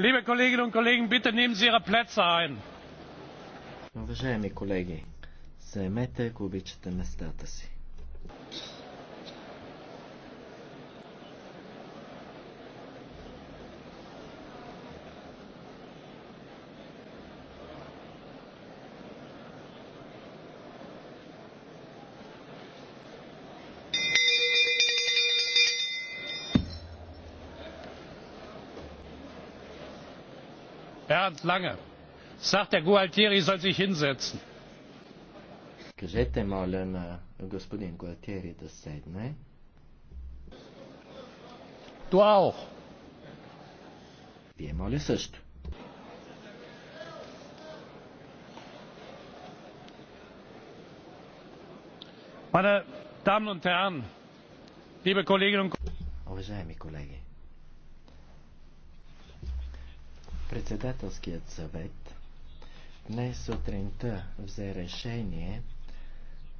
Liebe Kolleginnen und Kollegen, bitte nehmen Sie Ihre Plätze ein. Уважаеми колеги, заемете, ако обичате, местата си. bernd lange sagt der gualtieri soll sich hinsetzen. Du auch. Wie mal ist es? Meine Damen und Herren, liebe Kolleginnen und Kollegen, Председателският съвет днес сутринта взе решение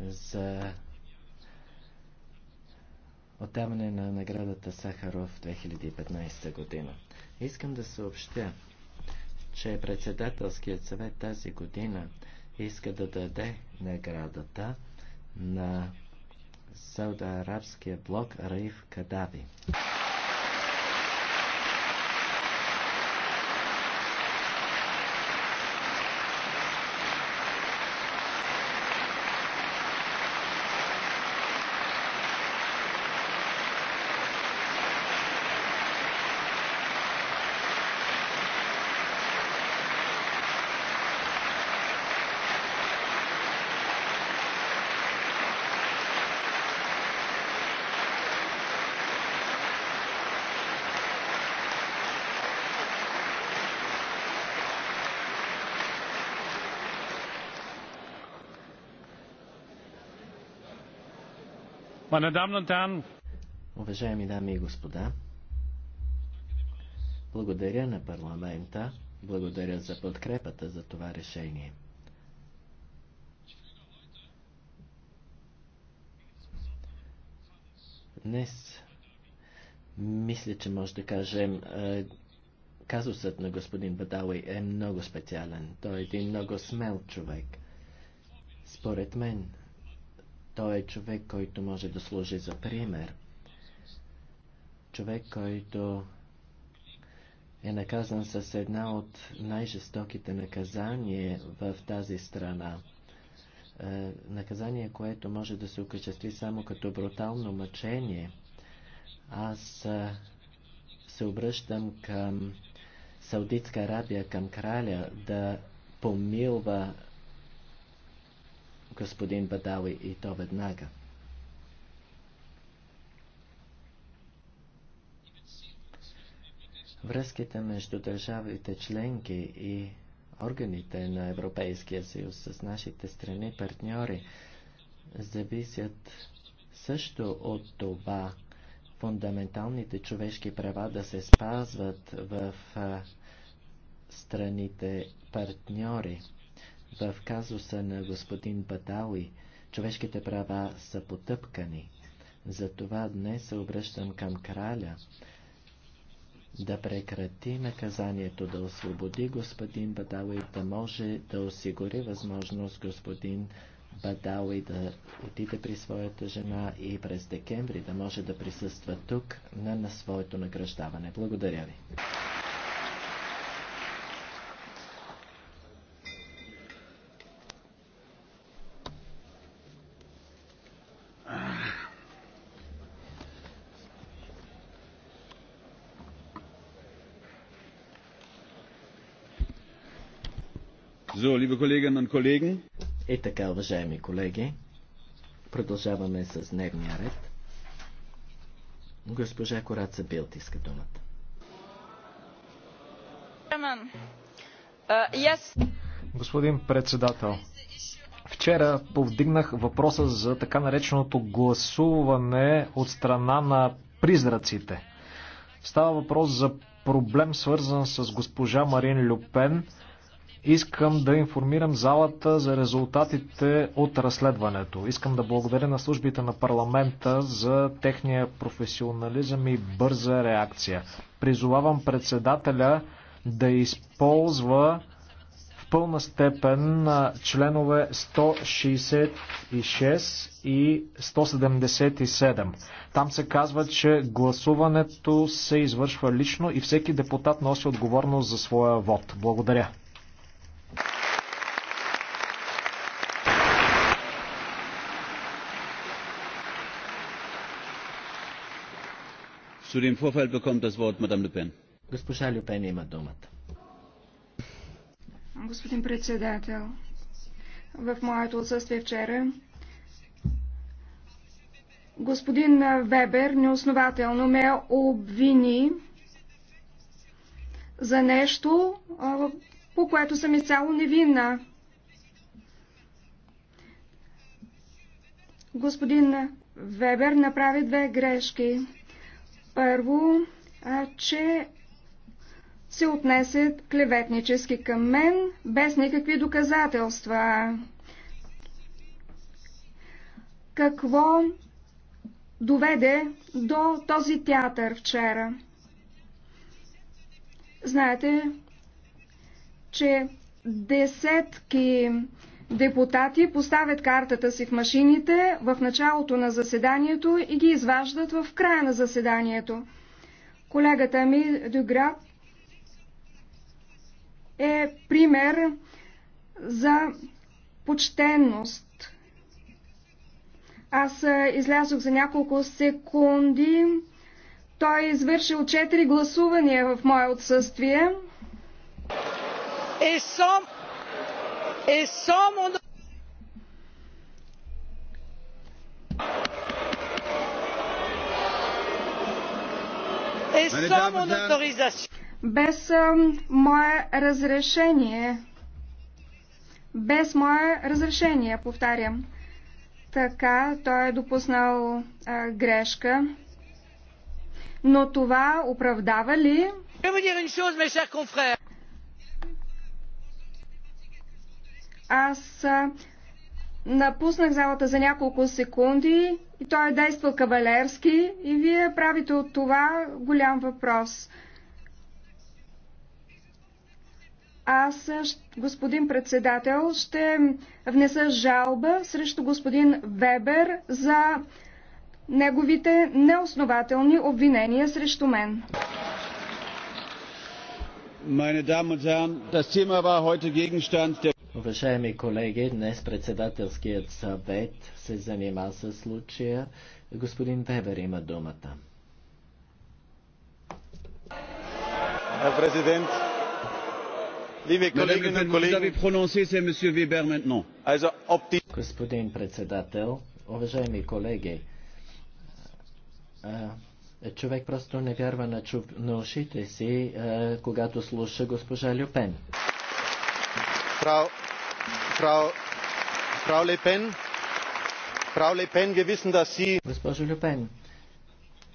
за отдаване на наградата Сахаров 2015 година. Искам да съобщя, че председателският съвет тази година иска да даде наградата на Саудо-арабския блок Раиф Кадави. Уважаеми дами и господа, благодаря на парламента, благодаря за подкрепата за това решение. Днес мисля, че може да кажем, е, казусът на господин Бадауи е много специален. Той е един много смел човек. Според мен, той е човек, който може да служи за пример. Човек, който е наказан с една от най-жестоките наказания в тази страна. Е, наказание, което може да се окачестви само като брутално мъчение. Аз е, се обръщам към Саудитска Арабия, към краля, да помилва господин Бадави и то веднага. Връзките между държавите членки и органите на Европейския съюз с нашите страни партньори зависят също от това фундаменталните човешки права да се спазват в страните партньори. В казуса на господин Бадауи човешките права са потъпкани. Затова днес се обръщам към краля да прекрати наказанието, да освободи господин Бадауи, да може да осигури възможност господин Бадауи да отиде при своята жена и през декември да може да присъства тук на, на своето награждаване. Благодаря ви. So, И така, уважаеми колеги, продължаваме с дневния ред. Госпожа Кораца Билт иска думата. Uh, Господин председател, вчера повдигнах въпроса за така нареченото гласуване от страна на призраците. Става въпрос за проблем свързан с госпожа Марин Люпен – Искам да информирам залата за резултатите от разследването. Искам да благодаря на службите на парламента за техния професионализъм и бърза реакция. Призовавам председателя да използва в пълна степен членове 166 и 177. Там се казва, че гласуването се извършва лично и всеки депутат носи отговорност за своя вод. Благодаря. Zu dem Vorfall bekommt das Wort Madame Le Pen. Госпожа има думата. Господин председател, в моето отсъствие вчера господин Вебер неоснователно ме обвини за нещо, по което съм изцяло невинна. Господин Вебер направи две грешки. Първо, че се отнесят клеветнически към мен, без никакви доказателства. Какво доведе до този театър вчера? Знаете, че десетки депутати поставят картата си в машините в началото на заседанието и ги изваждат в края на заседанието. Колегата ми Дюгра е пример за почтенност. Аз излязох за няколко секунди. Той е извършил четири гласувания в мое отсъствие. Е sans et sans mon без мое разрешение без мое разрешение повтарям така той е допуснал а, грешка но това оправдава ли Аз напуснах залата за няколко секунди и той е действал кавалерски и вие правите от това голям въпрос. Аз, господин председател, ще внеса жалба срещу господин Вебер за неговите неоснователни обвинения срещу мен. Майне Damen и Herren, das тема war heute гегенстанд. Уважаеми колеги, днес председателският съвет се занима с случая. Господин Вебер има думата. Президент, Господин председател, уважаеми колеги, човек просто не вярва на, чу... на ушите си, когато слуша госпожа Люпен. Госпожо Люпен,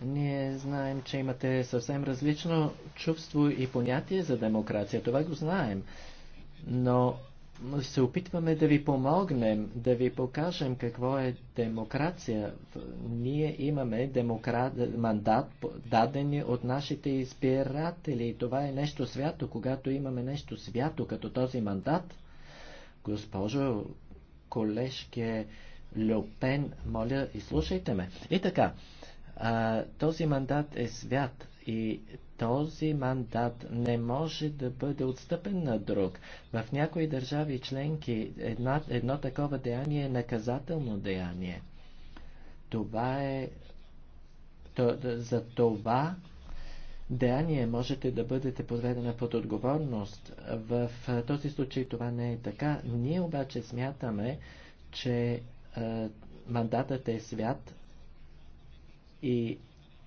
ние знаем, че имате съвсем различно чувство и понятие за демокрация. Това го знаем. Но се опитваме да ви помогнем, да ви покажем какво е демокрация. Ние имаме демокра... мандат, дадени от нашите избиратели. Това е нещо свято. Когато имаме нещо свято, като този мандат, госпожо, колежке Люпен, моля, изслушайте ме. И така, а, този мандат е свят и този мандат не може да бъде отстъпен на друг. В някои държави членки една, едно такова деяние е наказателно деяние. Това е... То, за това деяние можете да бъдете подведена под отговорност. В този случай това не е така. Ние обаче смятаме, че е, мандатът е свят и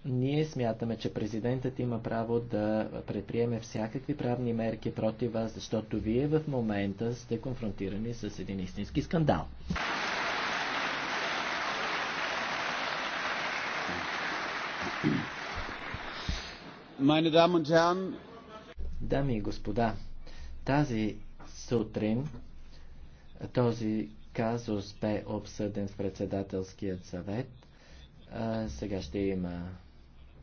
ние смятаме, че президентът има право да предприеме всякакви правни мерки против вас, защото вие в момента сте конфронтирани с един истински скандал. Meine Damen und Herren, Дами и господа, тази сутрин този казус бе обсъден в председателският съвет. А, сега ще има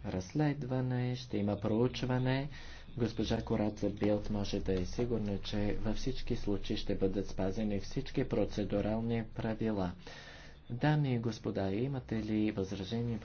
разследване, ще има проучване. Госпожа Кораца Билт може да е сигурна, че във всички случаи ще бъдат спазени всички процедурални правила. Дами и господа, имате ли възражения?